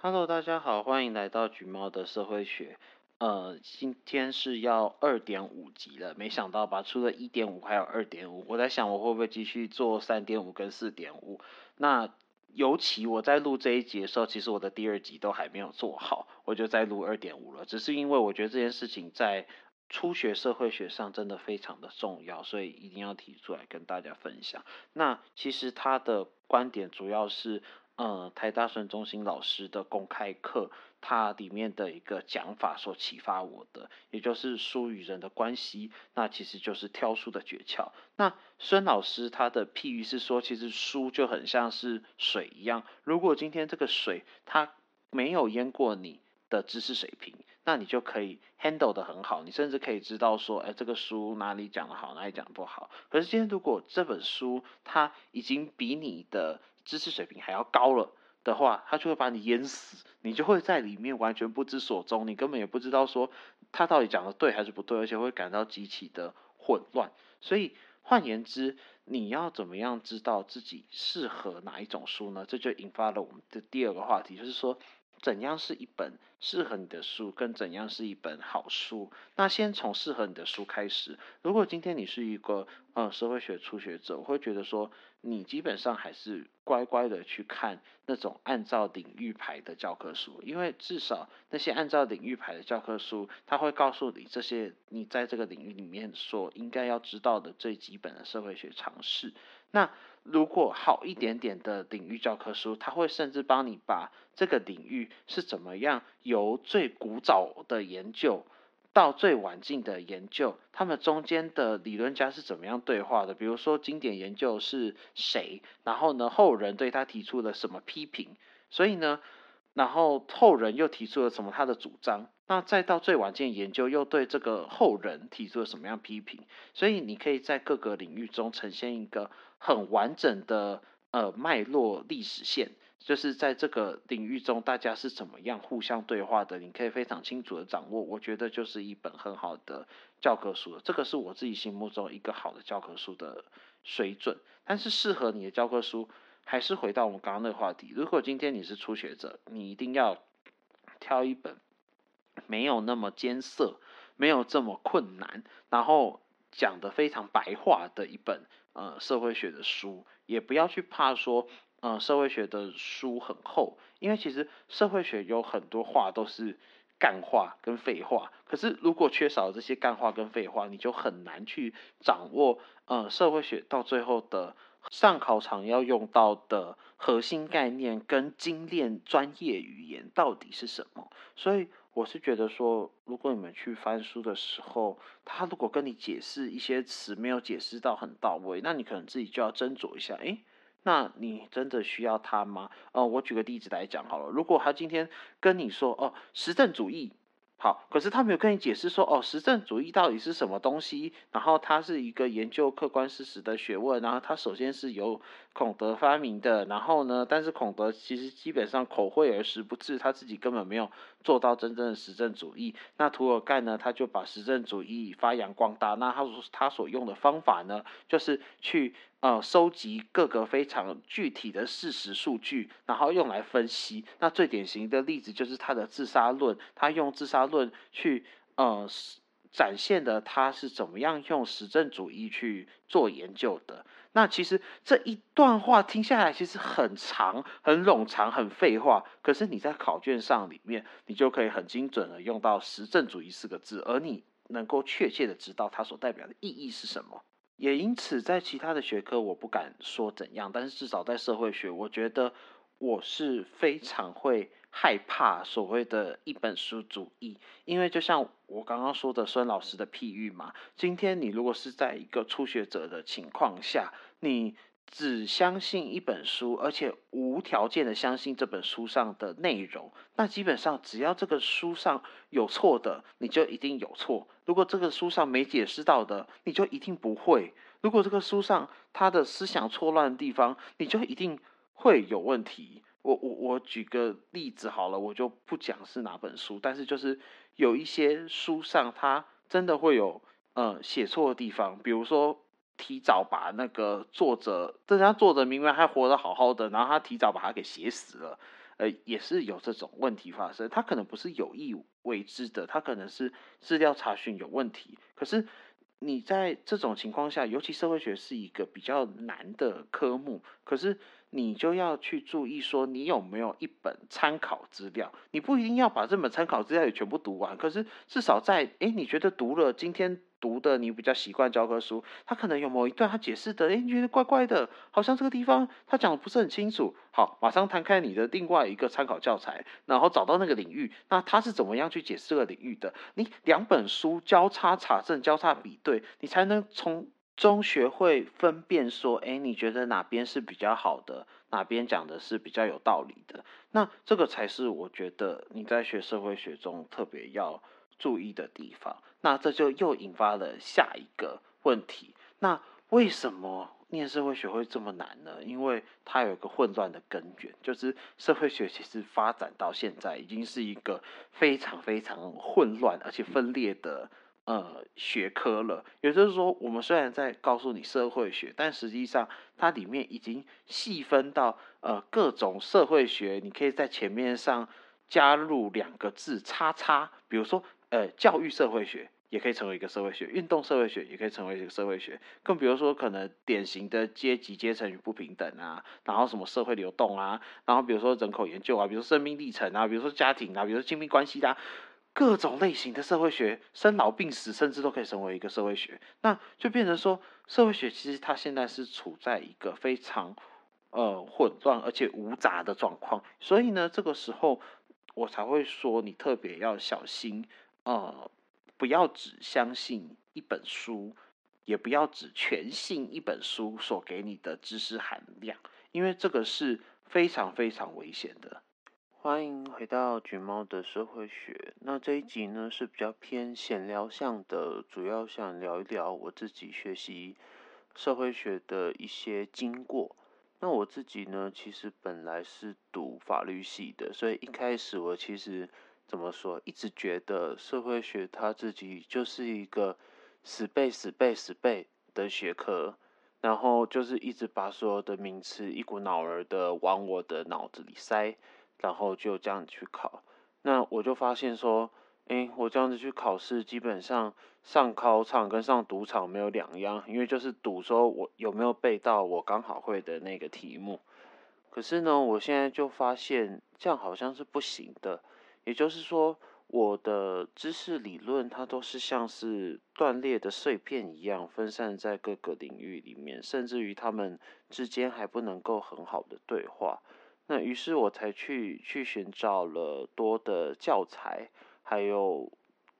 Hello，大家好，歡迎來到橘貓的社會學。呃，今天是要二點五集了，沒想到吧？除了一點五，還有二點五。我在想，我會不會繼續做三點五跟四點五？那尤其我在錄這一集的時候，其實我的第二集都還沒有做好，我就在錄二點五了。只是因為我覺得這件事情在初學社會學上真的非常的重要，所以一定要提出來跟大家分享。那其實他的觀點主要是。嗯，台大孫中興老師的公開課，它裡面的一個講法所啟發我的，也就是書與人的關係，那其實就是挑書的訣竅。那孫老師他的譬喻，是說，其實書就很像是水一樣，如果今天這個水它沒有淹過你的知識水平，那你就可以 handle 得很好，你甚至可以知道說，哎、欸，這個書哪裡講得好，哪裡講不好。可是今天如果這本書它已經比你的知識水平還要高了的話，他就會把你淹死，你就會在裡面完全不知所蹤，你根本也不知道說他到底講的對還是不對，而且會感到極其的混亂。所以換言之，你要怎麼樣知道自己適合哪一種書呢？這就引發了我們的第二個話題，就是說怎樣是一本適合你的書，跟怎樣是一本好書。那先從適合你的書開始。如果今天你是一個呃、嗯、社會學初學者，我會覺得說，你基本上還是乖乖的去看那種按照領域排的教科書，因為至少那些按照領域排的教科書，它會告訴你這些你在這個領域裡面所應該要知道的最基本的社會學常識。那如果好一點點的領域教科書，它會甚至幫你把這個領域是怎麼樣由最古早的研究，到最晚近的研究，他們中間的理論家是怎麼樣對話的？比如說經典研究是誰，然後呢，後人對他提出了什麼批評，所以呢，然後後人又提出了什麼他的主張，那再到最晚近研究又對這個後人提出了什麼樣批評，所以你可以在各個領域中呈現一個很完整的呃脈絡歷史線。就是在這個領域中，大家是怎麼樣互相對話的？你可以非常清楚的掌握。我覺得就是一本很好的教科書了。這個是我自己心目中一個好的教科書的水準。但是適合你的教科書，還是回到我們剛剛那個話題。如果今天你是初學者，你一定要挑一本沒有那麼艱澀、沒有這麼困難、然後講得非常白話的一本呃社會學的書，也不要去怕說。呃、嗯，社會學的書很厚，因為其實社會學有很多話都是乾話跟廢話。可是如果缺少這些乾話跟廢話，你就很難去掌握嗯，社會學到最後的上考場要用到的核心概念跟精煉專業語言到底是什麼。所以我是覺得說，如果你們去翻書的時候，他如果跟你解釋一些詞沒有解釋到很到位，那你可能自己就要斟酌一下，哎。那你真的需要他嗎？哦、呃，我舉個例子來講好了。如果他今天跟你說哦，實證主義，好，可是他沒有跟你解釋說哦，實證主義到底是什麼東西？然後它是一個研究客觀事實的學問，然後它首先是由。孔德發明的，然後呢，但是孔德其實基本上口惠而實不至，他自己根本沒有做到真正的實證主義。那涂爾幹呢？他就把實證主義發揚光大。那他他所用的方法呢，就是去呃收集各個非常具體的事實數據，然後用來分析。那最典型的例子就是他的自殺論，他用自殺論去呃。展現的他是怎麼樣用實證主義去做研究的？那其實這一段話聽下來其實很長、很冗長、很廢話。可是你在考卷上裡面，你就可以很精準的用到“實證主義”四個字，而你能夠確切的知道它所代表的意義是什麼。也因此，在其他的學科我不敢說怎樣，但是至少在社會學，我覺得我是非常會。害怕所謂的一本書主義，因為就像我剛剛說的孫老師的譬喻嘛，今天你如果是在一個初學者的情況下，你只相信一本書，而且無條件的相信這本書上的內容，那基本上只要這個書上有錯的，你就一定有錯。如果這個書上沒解釋到的，你就一定不會。如果這個書上他的思想錯亂的地方，你就一定會有問題。我我我舉個例子好了，我就不講是哪本書，但是就是有一些書上它真的會有呃寫錯的地方，比如說提早把那個作者，正常作者明明還活得好好的，然後他提早把他給寫死了，呃，也是有這種問題發生，他可能不是有意為之的，他可能是資料查詢有問題，可是。你在這種情況下，尤其社會學是一個比較難的科目，可是你就要去注意說，你有沒有一本參考資料？你不一定要把這本參考資料也全部讀完，可是至少在哎、欸，你覺得讀了今天。讀的你比較習慣教科書，他可能有某一段他解釋的，誒，你覺得怪怪的，好像這個地方他講的不是很清楚。好，馬上攤開你的另外一個參考教材，然後找到那個領域，那他是怎麼樣去解釋這個領域的？你兩本書交叉查證、交叉比對，你才能從中學會分辨，說，誒，你覺得哪邊是比較好的，哪邊講的是比較有道理的？那這個才是我覺得你在學社會學中特別要注意的地方，那這就又引發了下一個問題。那為什麼念社會學會這麼難呢？因為它有一個混亂的根源，就是社會學其實發展到現在，已經是一個非常非常混亂而且分裂的呃學科了。也就是說，我們雖然在告訴你社會學，但實際上它裡面已經細分到呃各種社會學，你可以在前面上加入兩個字“叉叉”，比如說。呃，教育社會學也可以成為一個社會學，運動社會學也可以成為一個社會學。更比如說，可能典型的階級、階層與不平等啊，然後什麼社會流動啊，然後比如說人口研究啊，比如說生命歷程啊，比如說家庭啊，比如說親密關係啊，各種類型的社會學，生老病死甚至都可以成為一個社會學。那就變成說，社會學其實它現在是處在一個非常呃混亂而且蕪雜的狀況。所以呢，這個時候我才會說，你特別要小心。呃、嗯，不要只相信一本書，也不要只全信一本書所給你的知識含量，因為這個是非常非常危險的。歡迎回到橘貓的社會學。那這一集呢是比較偏閒聊向的，主要想聊一聊我自己學習社會學的一些經過。那我自己呢，其實本來是讀法律系的，所以一開始我其實。怎麼說？一直覺得社會學它自己就是一個死背、死背、死背的學科，然後就是一直把所有的名詞一股腦兒的往我的腦子裡塞，然後就這樣子去考。那我就發現說，哎、欸，我這樣子去考試，基本上上考場跟上賭場沒有兩樣，因為就是賭說我有沒有背到我剛好會的那個題目。可是呢，我現在就發現這樣好像是不行的。也就是說，我的知識理論它都是像是斷裂的碎片一樣，分散在各個領域裡面，甚至於他們之間還不能夠很好的對話。那於是我才去去尋找了多的教材，還有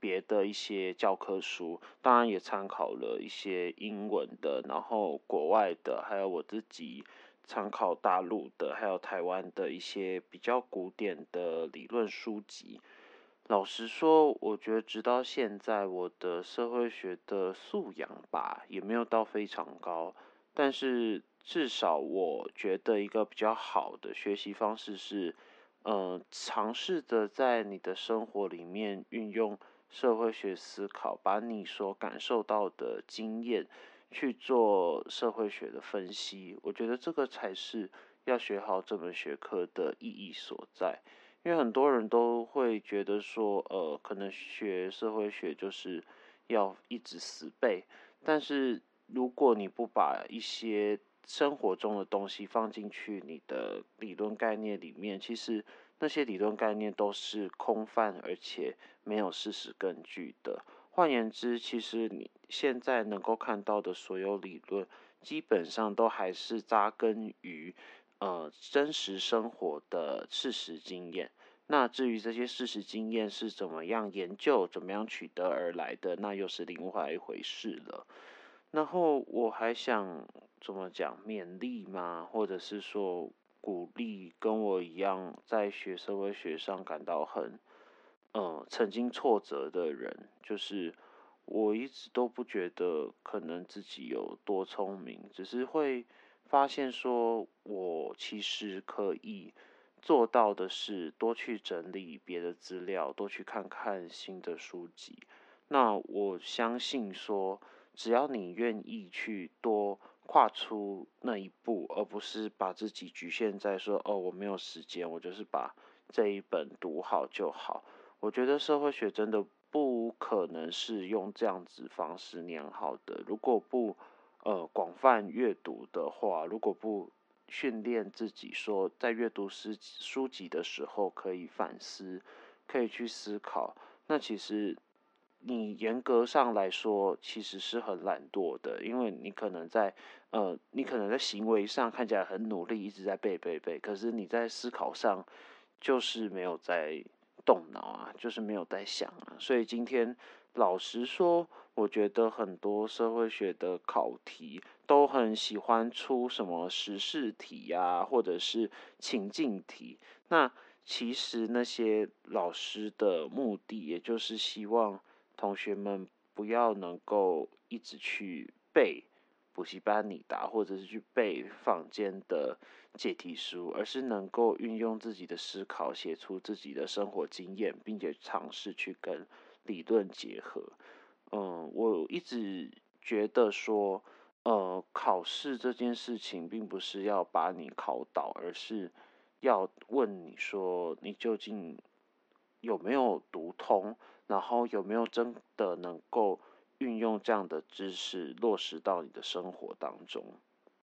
別的一些教科書，當然也參考了一些英文的，然後國外的，還有我自己。參考大陸的，還有台灣的一些比較古典的理論書籍。老實說，我覺得直到現在，我的社會學的素養吧，也沒有到非常高。但是至少我覺得一個比較好的學習方式是，嗯、呃，嘗試着在你的生活裡面運用社會學思考，把你所感受到的經驗。去做社會學的分析，我覺得這個才是要學好這門學科的意義所在。因為很多人都會覺得說，呃，可能學社會學就是要一直死背。但是如果你不把一些生活中的東西放進去你的理論概念裡面，其實那些理論概念都是空泛，而且沒有事實根據的。換言之，其實你現在能夠看到的所有理論，基本上都還是扎根於，呃，真實生活的事實經驗。那至於這些事實經驗是怎麼樣研究、怎麼樣取得而來的，那又是另外一回事了。然後我還想怎麼講，勉勵嘛，或者是說鼓勵跟我一樣在學社會學上感到很，呃，曾經挫折的人，就是我一直都不覺得可能自己有多聰明，只是會發現說，我其實可以做到的事，多去整理別的資料，多去看看新的書籍。那我相信說，只要你願意去多跨出那一步，而不是把自己局限在說，哦、呃，我沒有時間，我就是把這一本讀好就好。我覺得社會學真的不可能是用這樣子方式念好的。如果不呃廣泛閱讀的話，如果不訓練自己說，在閱讀書書籍的時候可以反思，可以去思考，那其實你嚴格上來說其實是很懶惰的，因為你可能在呃你可能在行為上看起來很努力，一直在背背背，可是你在思考上就是沒有在。動腦啊，就是沒有在想啊，所以今天老實說，我覺得很多社會學的考題都很喜歡出什麼時事題呀、啊，或者是情境題。那其實那些老師的目的，也就是希望同學們不要能夠一直去背補習班裡答，或者是去背坊間的。解題書，而是能夠運用自己的思考，寫出自己的生活經驗，並且嘗試去跟理論結合。嗯，我一直覺得說，呃、嗯，考試這件事情並不是要把你考倒，而是要問你說，你究竟有沒有讀通，然後有沒有真的能夠運用這樣的知識落實到你的生活當中。